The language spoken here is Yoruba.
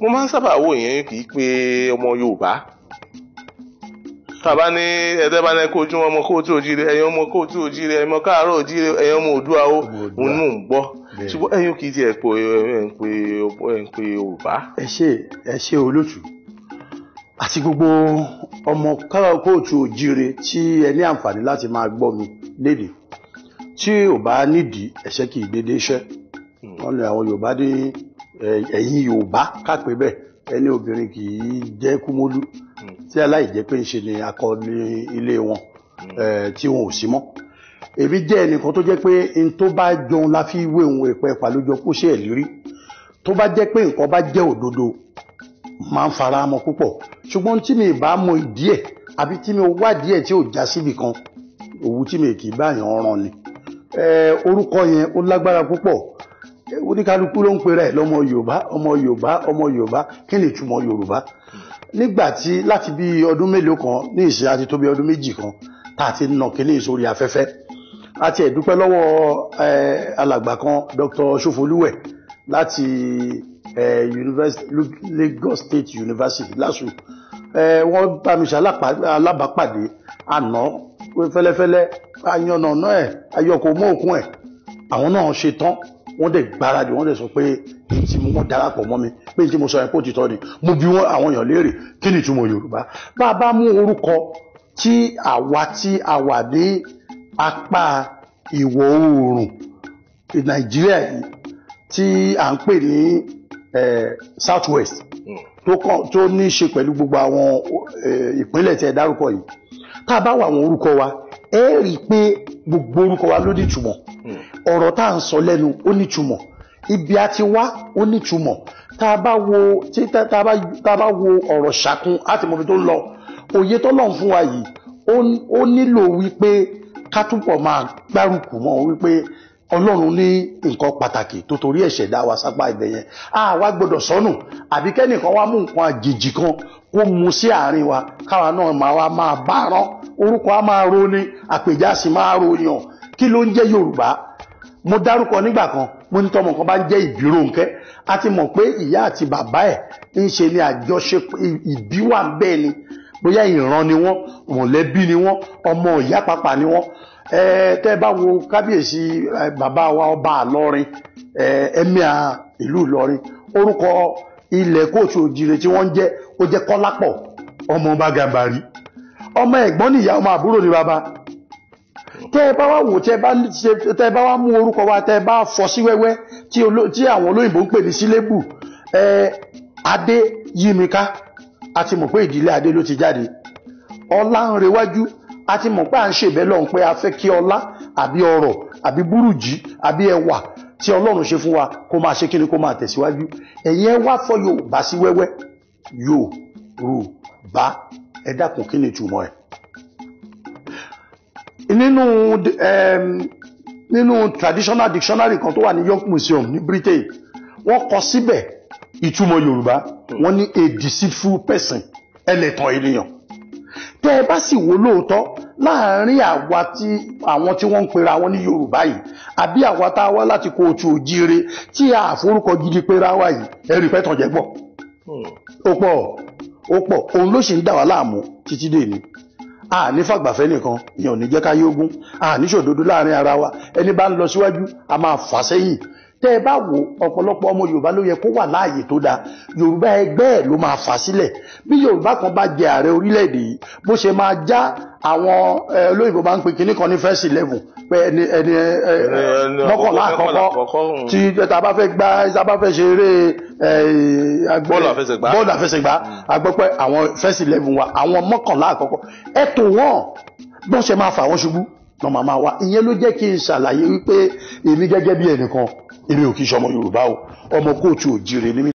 mo máa ń sábà wò yẹn kì í pé ọmọ Yorùbá tàbá ní ẹ̀ẹ́dẹ́gbà náà kó ojú ọmọ kóòtù òjìrè ẹ̀yin ọmọ kóòtù òjìrè ẹ̀yin ọmọ káàárọ̀ òjìrè ẹ̀yin ọmọ òdúà ó òun nù ń gbọ́ ṣùgbọ́n ẹ̀yin kì í ti ẹ̀ pé ẹ̀ ń pé ẹ̀ ń pé Yorùbá. ẹ ṣe ẹ ṣe olótù àti gbogbo ọmọ káàárọ̀ kóòtù òjìrè tí ẹ ní àǹfààní láti máa gbọ́ mi lédè tí ò bá nídìí ẹ̀ṣẹ́ kì í dédé iṣẹ́ hmm. wọn lè àwọn Yorùbá dé ẹ̀yin Yorùbá kápẹ́ bẹ́ẹ̀ ẹni obìnrin kì í jẹ́ kúmólú hmm. tí aláìjẹ́ pé ń ṣe ni akọni ilé wọn hmm. tí wọn ò sí mọ́ èmi jẹ́ ẹnìkan tó jẹ́ pé n tó bá jọun la fi wé òun èpẹ́ pàlójọ kó ṣe ìlérí tó bá jẹ́ pé nǹkan bá jẹ́ òdodo máa ń fara mọ́ púpọ̀ ṣùgbọ́n tí mi bá mọ ìdí ẹ̀ àbí tí mi wá díẹ̀ tí ò já síbì kan òwú tí mi kì í báyàn ọ̀ràn ni orúkọ yẹn ó lágbára púpọ̀ oníkálukú ló ń pe rẹ̀ lọ́mọ yorùbá ọmọ yorùbá ọmọ yorùbá kí ni ìtumọ̀ yorùbá nígbà tí láti bí ọdún mélòó kan ní ìsìn àti tó bí ọdún méjì kan tá a ti nà kí ní ìsórí afẹ́fẹ́ a ti ẹ̀dúpẹ́ lọ́wọ́ alàgbà kan Dr. Sofolúwẹ̀ láti Lagos State University LASU wọ́n bá mi ṣe alábàápàdé àná fẹ́lẹ́fẹ́lẹ́ ayọ̀nà náà ẹ̀ ayọ̀kọ̀ mọ́ òkun ẹ̀ àwọn náà ṣe tán wọ́n dẹ̀ gbáradì wọ́n dẹ̀ sọ pé èyí tí mo darapọ̀ mọ́ mi pé èyí mo sọ yẹn kó ti tọ́ ni mo bi wọ́n àwọn èèyàn léèrè kí ni ìtumọ̀ Yorùbá bá a bá mú orúkọ tí àwa tí a wà ní apá ìwọ̀ oòrùn Nàìjíríà yìí tí à ń pè ní South West tó ní í ṣe pẹ̀lú gbogbo àwọn ìpínlẹ̀ tí ẹ dárúkọ yìí tá a bá wà àwọn orúkọ wa ẹ rí i pé gbogbo orúkọ wa ló ní ìtumọ̀ ọ̀rọ̀ tá à ń sọ lẹ́nu ó nítumọ̀ ibi a ti wá ó nítumọ̀ tá a bá wo tá a bá wo ọ̀rọ̀ ṣàkun á ti mọ ibi tó ń lọ òye tó lọ́n fún wa yìí ó nílò wípé ká túbọ̀ máa gbárùkù mọ́ wípé ọlọ́run ní nǹkan pàtàkì tó torí ẹ̀ṣẹ̀ dá wa sápá ibẹ̀ yẹn a wá gbọ́dọ̀ sọnù àbí kẹ́nìkan wá mú nǹkan àjèjì kan kó mu sí àárín wa káwa náà máa wá máa bá rán orúkọ á máa roni àpèjá sì máa ròyàn kí ló ń jẹ́ yorùbá mo dárúkọ nígbà kan mo ní tọmọ kan bá ń jẹ́ Ìbírónkẹ́ a ti mọ̀ pé ìyá àti bàbá ẹ̀ ń ṣe ní àjọṣepọ̀ ìbí wà ń bẹ́ẹ̀ ni bóyá ìran ni wọ́n mọ̀lẹ́bí ni wọ́n ọmọ ìyá pàpà ni wọ́n tẹ́ ẹ bá wo kábíyèsí bàbá wa ọba àlọrin ẹ̀míà ìlú Ìlọrin orúkọ ilẹ̀ kóòtù òjìrè tí wọ́n ń jẹ́ ó jẹ́ Kọ́lápọ̀ ọmọ Bàgàbàrí ọmọ ẹ̀gbọ́n nìyá ọmọ àbúrò ni bàbá tẹ́ ẹ bá wá wò tẹ́ ẹ bá wá mú orúkọ wa tẹ́ ẹ bá fọ sí wẹ́wẹ́ tí àwọn olóyìnbó ń pè ní sílébù ẹ adé yimika a ti mọ̀ pé ìdílé adé ló ti jáde ọlá ń rewájú a ti mọ̀ pé à ń ṣèbẹ́ lọ́hùn pé a fẹ́ kí ọlá àbí ọrọ̀ àbí búrùjí àbí ẹwà tí ọlọ́run ṣe fún wa kó máa ṣe kíni kó máa tẹ̀síwájú ẹ̀yin ẹ wá fọ yorùbá sí wẹ́wẹ́ yorùbá ẹ dákun kí ìtumọ̀ ẹ̀ nínú nínú traditional dictionary kan tó wà ní York Museum ní Britain wọ́n kọ síbẹ̀ ìtumọ̀ Yorùbá wọ́n ní a deceitful person ẹlẹ́tàn ènìyàn tẹ́ ẹ bá sì wò lóòótọ́ láàárín àwa tí àwọn tí wọ́n ń pera wọn ní Yorùbá yìí àbí àwa tá a wá láti kó ojú òjire tí a àforúkọ gidi pera wa yìí ẹ̀rí pẹ́ tàn jẹ́ pọ̀ hmm. ó pọ̀ ó pọ̀ òun ló sì ń dà wá láàmú títí dé ni àní fàgbàfẹ́ nìkan ìyẹn ò ní jẹ́ ká yógún àní ṣòdodo láàrin ara wa ẹni bá ń lọ síwájú a máa fà sẹ́yìn tẹ́ ẹ bá wo ọ̀pọ̀lọpọ̀ ọmọ yorùbá ló yẹ kó wà láàyè tó dáa yorùbá ẹgbẹ́ ẹ̀ ló máa fà sílẹ̀ bí yorùbá kan bá jẹ ààrẹ orílẹ̀-èdè yìí bó ṣe máa já àwọn olóyìnbó máa ń pe kinní kan ní first eleven pé ẹni ẹni mọ́kànlá àkọ́kọ́ tí hmm. tá a bá fẹ́ gbá tá a bá fẹ́ ṣe Eh, eh, bọ́ọ̀lù àfẹsẹ̀gbá bọ́ọ̀lù àfẹsẹ̀gbá hmm. agbọ́pẹ́ àwọn first eleven wa àwọn mọ́kànlá àkọ́kọ́ ẹ̀tò wọn bọ́n ṣe máa fà wọ́n ṣubú lọ́ máa máa wá ìyẹn ló jẹ́ kí n ṣàlàyé wípé èmi gẹ́gẹ́ bí ẹnìkan èmi ò kì í ṣọmọ Yorùbá o ọmọ kóòtù òjìrè ni mí.